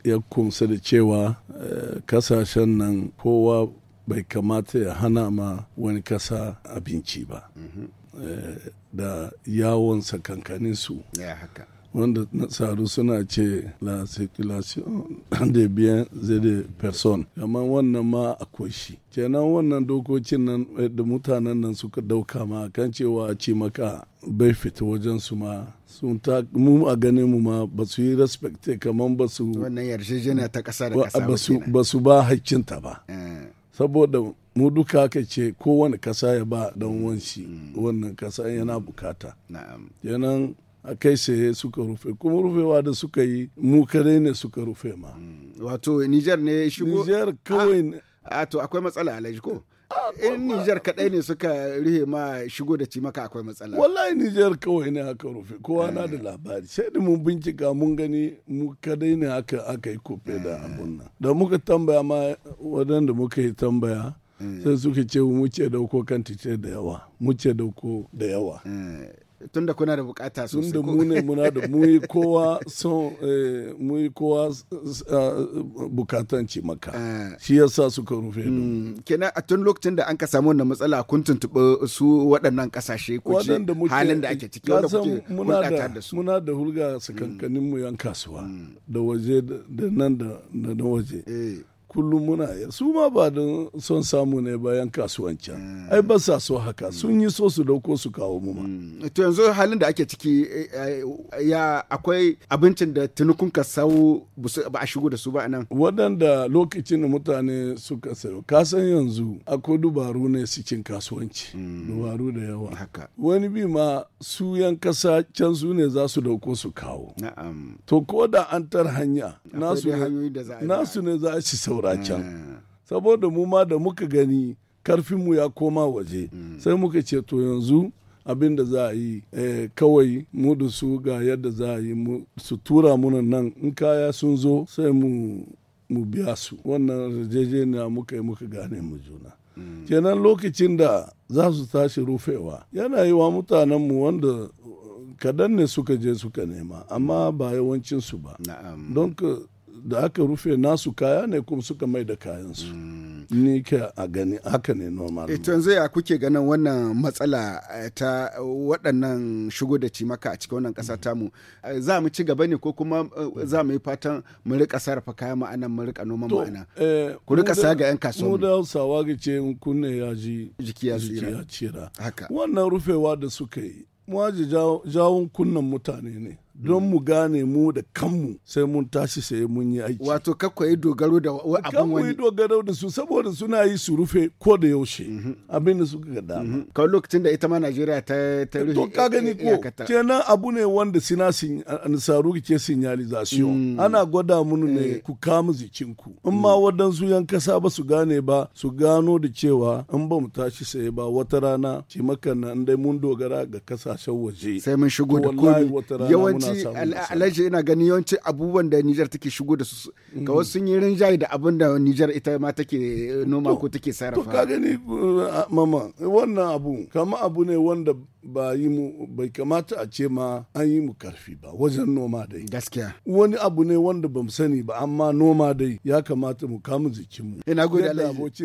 Speaker 2: ya kumsa da cewa eh, kasashen nan kowa bai kamata ya hana ma wani kasa abinci ba. Mhm. Eh, da yawon sakankaninsu ya haka wanda nasaru suna ce la circulation de bien et de personne. amma wannan ma akwai shi kenan wannan dokokin nan eh, da mutanen nan suka dauka ma kan cewa a ce maka bai fita wajen su ma sun ta mu a gane mu ma ba su yi respecte kamar ba su wannan yarjejeniya ta kasa da kasa ba su ba ta ba eh. saboda mu duka aka ce kowane kasa ya ba dan wanshi wannan kasa yana bukata yanan a kai sai suka rufe kuma rufewa da suka yi mu kare ne suka rufe ma
Speaker 1: mm. wato niger ne shigo niger kawai a ah, ah, to
Speaker 2: akwai matsala alaji ko
Speaker 1: ah, in Nijar kadai ne suka rihe ma shigo da cimaka akwai matsala.
Speaker 2: Wallahi Nijar kawai ne aka rufe kowa na da eh. labari sai da mun bincika mun gani mu kadai ne aka aka yi kofe da eh. abun nan. Da muka tambaya ma waɗanda muka yi tambaya sai suka ce mu ce dauko kan tice da yawa mu ce dauko da yawa eh, tunda kuna da bukata sosai tunda mu ne muna da mu yi kowa son eh, mu yi kowa eh, bukatan ci maka shi yasa suka rufe mu
Speaker 1: hmm, kenan a tun lokacin da an ka samu wannan matsala kun tuntuɓi su waɗannan kasashe ku ji halin da ake ciki wanda kuke hulɗa
Speaker 2: da su muna da hulga sakankanin mu yan kasuwa hmm. da waje da nan da na waje kullum muna su ma ba don son samu ne bayan kasuwanci hmm. ai ba sa so haka sun hmm. yi so su dauko su kawo mu ma hmm. to yanzu halin da ake ciki eh, eh,
Speaker 1: ya akwai
Speaker 2: abincin da tunukun ka sau ba a shigo da su ba nan waɗanda lokacin da mutane suka sayo kasan yanzu akwai dubaru ne su cin kasuwanci dubaru da yawa haka wani bi ma su yan kasa can su ne za su dauko su kawo na'am to ko da an tar hanya nasu ne za a ci saura haura can mm. saboda mu ma da muka gani karfinmu ya koma waje mm. sai muka ce to yanzu abin da za a yi eh, kawai mu da su ga yadda za a yi su tura muna nan in kaya sun zo sai mu biya su wannan yarjejeniya muka yi muka gane mu juna mm. kenan lokacin da za su tashi rufewa yana yi wa mutanenmu wanda kadan ne suka je suka nema amma ba yawancinsu ba don da aka rufe nasu kaya ne kuma suka mai da kayansu ni ke a gani haka ne normal ita
Speaker 1: eh, zai ya kuke ganin wannan matsala eh, ta waɗannan shigo da cimaka a cikin wannan ƙasa mm. mu. Eh, za mu ci gaba ne ko kuma za mu yi fatan mu rika sarrafa kaya ma'ana mu rika noman ma'ana
Speaker 2: ku rika sa ga yan kasuwa mu da hausawa ga ce kunne ya ji jiki ya tsira wannan rufewa da suka yi mu jawon kunnan mutane ne don mu gane mu da kanmu sai mun tashi sai mun yi aiki wato yi dogaro da abin wani kakwaye dogaro da su saboda suna yi su rufe ko da yaushe mhm. abin da suka gada mhm. kawai lokacin da ita ma najeriya ta ta rufe to ka gani ko kenan abu ne wanda sina sin ansaru ke signalization mm. ana gwada munu ne eh. ku kama jikinku in mm. ma wadansu yan kasa ba su gane ba su gano da cewa in ba mu tashi sai ba wata rana ci maka nan dai mun dogara ga kasashen waje sai mun shigo da komai yawanci yawanci
Speaker 1: alhaji ina gani yawanci abubuwan da Nijar take shigo da su ga wasu mm. sun yi rinjaye da abin da Nijar ita ma take eh, noma ko take sarrafa. To ka gani
Speaker 2: uh, mama wannan abu kama abu ne wanda ba yi mu bai kamata a ce ma an yi mu karfi ba wajen noma dai gaskiya wani abu ne wanda bamu sani ba amma noma dai ya kamata mu kamu jikin mu ina gode alhaji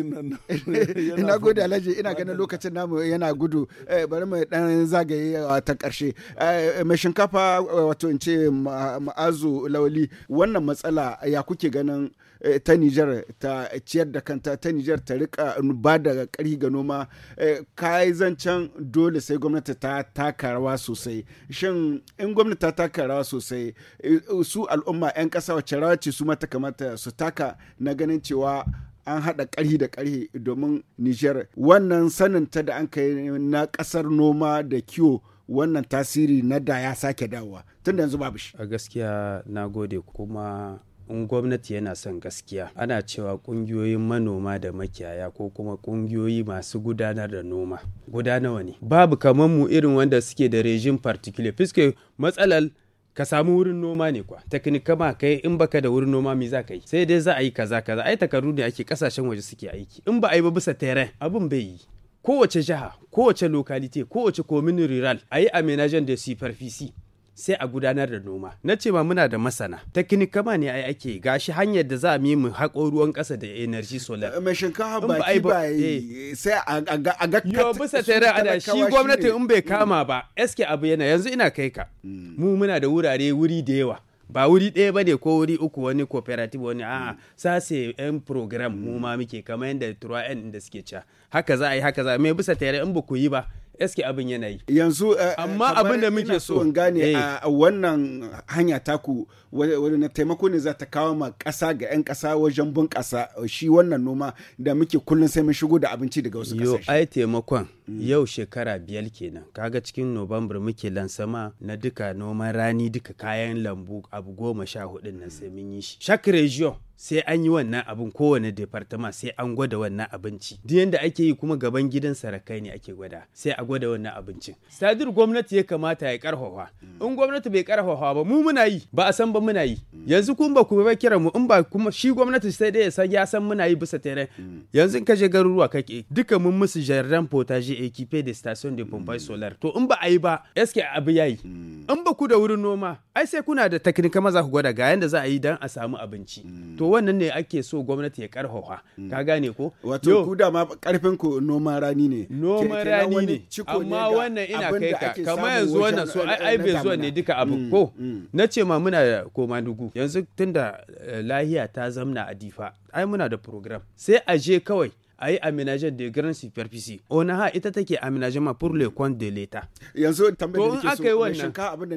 Speaker 1: ina gode alhaji ina ganin lokacin namu yana gudu eh, bari mu dan zagaye eh, ta karshe eh, mai shinkafa wato in ce ma'azu lauli wannan matsala ya kuke ganin Eh, ta Nijar ta ciyar da kanta ta Nijar ta rika ba da ƙarfi ga noma eh, kai zancen dole sai gwamnati ta taka rawa sosai shin in gwamnati ta taka rawa sosai eh, su al'umma 'yan ƙasa wacce rawa ce su mata kamata su taka na ganin cewa an haɗa ƙarhi da ƙarhi domin Nijar wannan saninta da an kai na ƙasar noma da kiwo wannan tasiri na da ya sake dawowa
Speaker 3: tun da yanzu babu shi. A gaskiya na gode kuma in gwamnati yana son gaskiya ana cewa ƙungiyoyin manoma da makiyaya ko kuma kungiyoyi masu gudanar da noma guda nawa ne babu kamar mu irin wanda suke da rejim particular fiske matsalar ka samu wurin noma ne kwa teknika ma kai in baka da wurin noma me za ka yi sai dai za a yi kaza kaza ai takardu ne ake kasashen waje suke aiki in ba a yi ba bisa teren abin bai yi kowace jiha kowace locality kowace commune rural a yi amenajen da superficie sai a gudanar da noma na ce ma muna da masana teknikama ne ai ake gashi hanyar da za a mu haƙo ruwan ƙasa da energy solar eh, mai shinkafa ba ba eh, eh. sai a ga yo bisa tare ana shi gwamnati in bai kama ba eske abu yana yanzu ina kai ka hmm. mu muna da wurare wuri da yawa ba wuri ɗaya ba ne ko wuri uku wani cooperative wani a'a hmm. sase yan program mu ma hmm. muke kamar yadda turawa yan da suke ca haka za a yi haka za a mai bisa tare in ba ku yi ba eske abin yanayi yanzu eh,
Speaker 1: eh, amma abin da muke so in gane eh. a ah, wannan hanya taku wani taimako ne za ta kawo ma kasa ga 'yan ƙasa wajen bunƙasa shi wannan noma da muke kullum
Speaker 3: sai mun shigo da abinci daga wasu ƙasashe yo ai taimakon Mm. yau shekara biyar kenan kaga cikin nobambar muke lansama na duka noman rani duka kayan lambu abu goma sha hudun nan sai mm. mun yi shi shak region sai an yi wannan abin kowane departama sai an gwada wannan abinci duk yadda ake yi kuma gaban gidan sarakai ne ake gwada sai a gwada wannan abincin sadir gwamnati ya kamata ya karfafa mm. in gwamnati bai karfafa ba mu muna yi ba a san ba muna yi yanzu kun ba ku ba kira mu in ba kuma shi gwamnati sai dai ya san ya san muna yi bisa tare yanzu in ka je garuruwa kake duka mun musu jarran potaje équipé des stations de pompage hmm. solaire to in ba a yi ba eske abu yayi hmm. in ba ku da wurin noma ai sai kuna da teknika maza ku gwada ga yanda za a yi dan a samu abinci hmm. to wannan ne ake so gwamnati ya karfafa ka gane ko wato
Speaker 1: ku da ma karfin ku noma rani ne Noma rani ne amma
Speaker 3: wannan ina kai ka kamar yanzu wannan so ai bai zuwa ne duka abu ko na ce ma muna da dugu. yanzu tunda eh, lahiya ta zamna a difa ai muna da program sai a je kawai a yi aménager de grand superficie ha ita take aménagement pour le compte de l'etat yanzu tambayar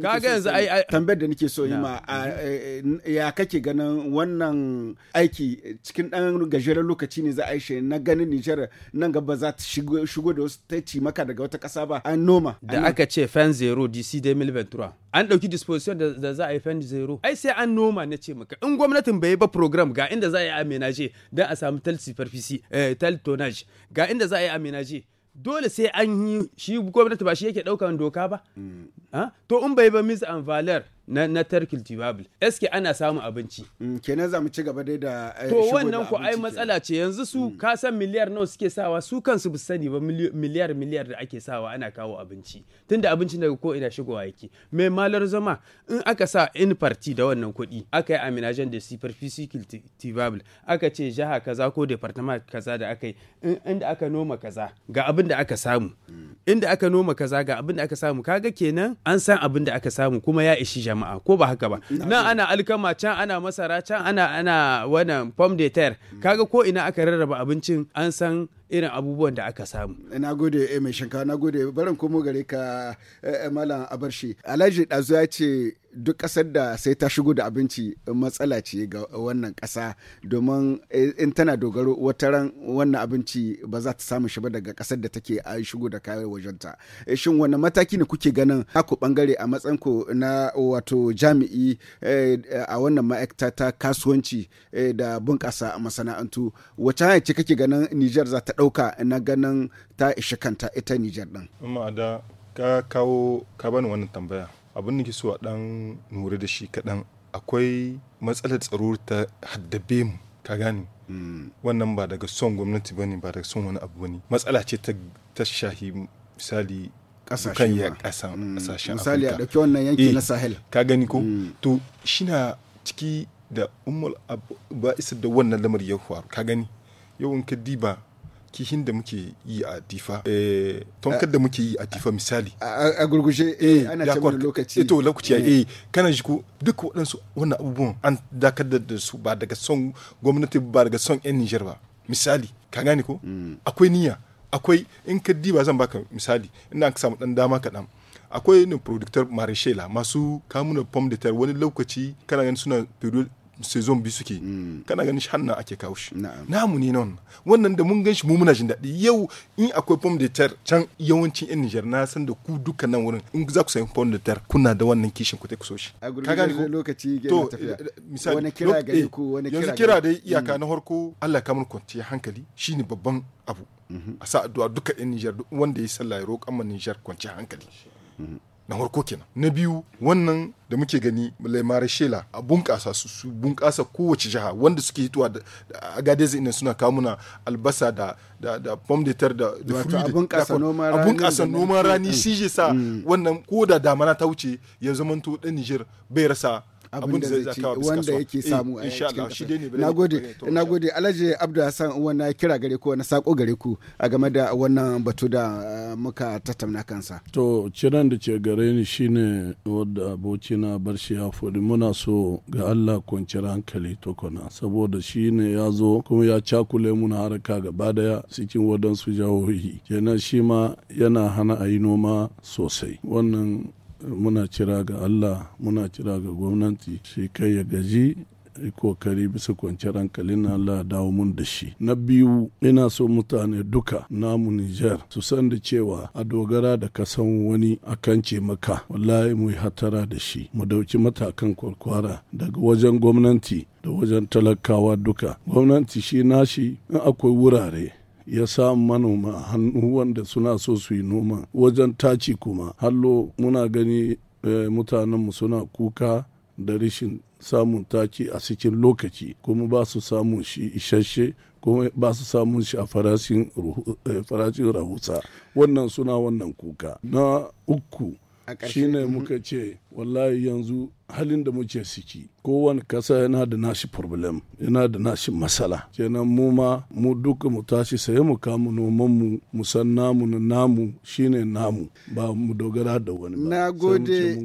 Speaker 3: da nake
Speaker 1: so so yi ma eh, ya kake ganin wannan aiki cikin dan gajeren lokaci ne za a yi na ganin Nijar nan gaba za ta shigo da wasu ta ci maka daga wata kasa ba an noma da aka
Speaker 3: ce fan zero dc 2023 an ɗauki disposition da za a yi fan zero ai sai an noma na ce maka in gwamnatin bai ba program ga inda za a yi aménager don a samu tal superficie eh, National Tonnage ga inda za a yi je dole sai an yi shi gwamnati ba shi yake daukan doka ba mm. ah? to in bai ba mis an valer na, na tarkil tibabil eske ana samun abinci mm, kenan za mu ci gaba dai da eh, to wannan ku ai matsala ce yanzu su mm. ka san miliyar nawa suke sawa su kansu bu sani ba miliyar miliyar da ake sawa ana kawo abinci tunda abinci daga ko ina shigowa yake mai malar zama in aka sa in party da wannan kuɗi aka yi aminajen da superficie tibabil aka ce jaha kaza ko department kaza da aka yi inda aka noma kaza ga abin da aka samu mm. inda aka noma kaza ga abin da aka samu kaga kenan an san abin da aka samu kuma ya ishi jama'a ko ba haka ba nan ana alkama can ana masara can ana ana wannan pom de terre mm. kaga ko ina aka rarraba abincin an san irin abubuwan da aka samu.
Speaker 1: Na gode eh, mai shinkawa na gode barin komo gare ka eh, eh, malam abarshi. Alhaji dazu ya ce duk ƙasar da sai ta shigo da abinci matsala ce ga wannan ƙasa domin eh, in tana dogaro ran wannan abinci ba za ta samu shi ba daga ƙasar da take a shigo da kayan wajenta eh, shin wani mataki ne kuke ganin haku bangare a matsayin ku na wato jami'i eh, a wannan ma'aikata ta kasuwanci da bunƙasa masana'antu wacce hanya ce kake ganin Nijar za ta ɗauka na ganin ta ishi kanta ita Nijar ɗin.
Speaker 4: Ma'ada ka kawo ka bani wannan tambaya. abin da ke so a dan nura da shi kaɗan akwai matsalar tsaro ta haddabe mu ka gani. Mm. wannan ba daga son gwamnati ba ne ba daga son wani abu ba ne matsala ce ta shahi misali kan ya ƙasa mm. ƙasashen misali a ɗauki wannan yanki eh, na sahel ka gani ko mm. to shi na ciki da umar ba isa da wannan lamar ya faru ka gani in ka diba kihin da muke yi a difa eh, tonkar da muke yi a difa misali a gurguje eh, eh ana cewa lokaci eh lokaci ya eh. eh kana shi ko duk waɗansu wannan abubuwan an dakar da su ba daga son gwamnati ba daga son yan Niger ba misali ka gane ko hmm. akwai niyya akwai in ka diba zan baka misali ina ka samu dan dama kaɗan akwai ne producteur maraîcher la masu kamuna pomme de terre wani lokaci kana gani suna sezon biyu suke mm. kana ganin shi hannan ake kawo shi namu ne nan wannan da mun gan shi mu muna jin daɗi yau in akwai pom de terre can yawancin yan Niger na san da ku dukkan nan wurin in za ku sayi pom de terre kuna da wannan kishin ku ta ku so shi
Speaker 1: ka gane ko lokaci tafiya eh, eh, misali wani kira ga eh, ku wani kira yanzu kira dai iyaka mm. na
Speaker 4: harko Allah ka mun kwanci hankali shine babban abu mm-hmm. a sa addu'a duka yan Niger wanda ya sallah ya roƙa ma Niger kwanci hankali mm-hmm. na harko kenan na biyu wannan da muke gani laimara shela a bunƙasa su su bunƙasa kowace jiha wanda suke hituwa da agadez ina suna kamuna albasa da da da terre da da a bunƙasa noman rani a bunƙasa noman rani shi sa mm. wannan koda damana ta wuce ya zamanto dan Niger bai rasa abin da zai yake samu eh, a cikin kasa
Speaker 1: na gode alhaji abdu hassan wannan kira gare ku wani sako gare ku a game da wannan batu da eh, muka tattauna kansa
Speaker 2: to ciran da ce gare ni shine wadda aboci na bar ya fodi muna so ga Allah kwanciyar hankali tukuna saboda shine ya zo kuma ya cakule muna haraka gaba daya cikin wadansu jihohi kenan shi ma yana hana a yi noma sosai wannan muna kira ga allah muna kira ga gwamnati shi kai ya gaji kokari bisa kwanciyar hankali na Allah dawo mun da shi. Na biyu ina so mutane duka namu Nijar su san da cewa a dogara da kasan wani akan kan ce maka wallahi mu hatara da shi mu dauki matakan kwarkwara daga wajen gwamnati da wajen talakawa duka. Gwamnati shi nashi in akwai wurare ya sa manoma hannu wanda suna so su yi noma wajen taci kuma hallo muna gani e, mutanenmu suna kuka da rashin samun taki a cikin lokaci kuma ba su samun shi isasshe kuma ba su samun shi a farashin eh, rahusa wannan suna wannan kuka na uku shine muka ce wallahi yanzu halin da muke ciki kowane kasa yana da nashi problem yana da nashi masala kenan mu ma mu duka mu tashi sai mu kama noman mu mu san namu na namu shine namu ba mu dogara da wani ba
Speaker 1: nagode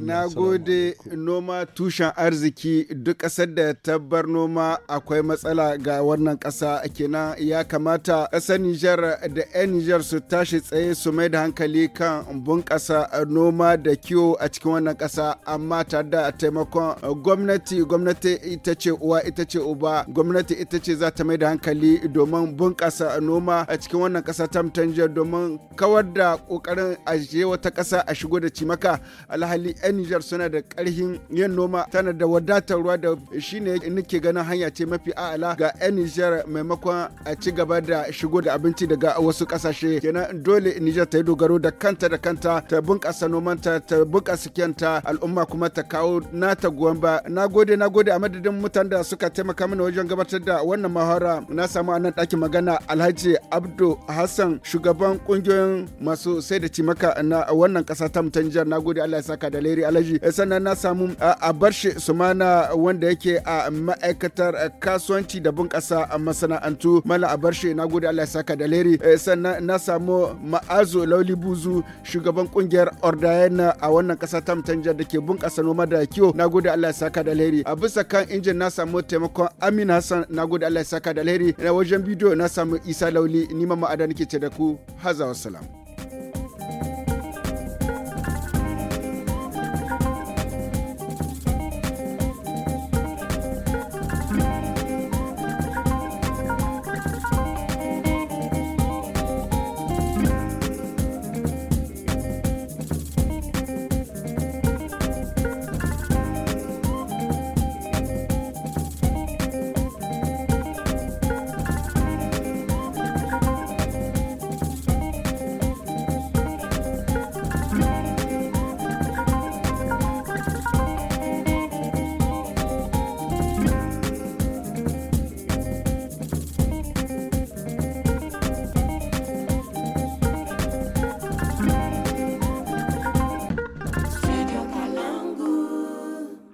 Speaker 2: nagode noma tushen arziki duk
Speaker 1: kasar da ta bar noma akwai matsala ga wannan kasa kenan ya kamata kasar Nijar da 'yan Nijar su tashi tsaye su mai da hankali kan bunƙasa noma da kiwo a cikin wannan wannan ƙasa amma tare da taimakon uh, gwamnati gwamnati ita ce uwa ita ce uba gwamnati ita ce za ta mai da hankali domin bunƙasa noma a cikin wannan ƙasa ta mutanje domin kawar da ƙoƙarin ajiye wata ƙasa a shigo da cimaka alhali 'yan Nijar suna da ƙarhin yin noma tana da wadatar ruwa da shine nake ganin hanya ce mafi a'ala ga 'yan Nijar maimakon a ci gaba da shigo da abinci daga wasu ƙasashe kenan dole Nijar ta yi dogaro da kanta da kanta ta bunƙasa nomanta ta bunƙasa kanta al'umma kuma ta kawo nata ba na gode na gode a madadin mutanen da suka taimaka mana wajen gabatar da wannan mahara na samu a nan ɗakin magana alhaji abdu hassan shugaban kungiyoyin masu sai da cimaka na wannan ƙasa ta mutan jihar na gode allah ya saka da lairi alhaji eh, sannan na samu a barshe sumana wanda yake a ma'aikatar kasuwanci da bunƙasa a masana'antu mala a barshe na gode allah ya saka da lairi eh, sannan na samu ma'azu lauli buzu shugaban kungiyar ordayana a wannan ƙasa ta ta jihar da ke bunƙasa noma da kiwo. gode Allah ya saka da alheri. A bisa kan injin na samu taimakon Amina Hassan. na gode Allah ya saka da alheri. Na wajen bidiyo na samu Isa Lauli. Ni ma ma'ada nake ce da ku. Hazawa salam.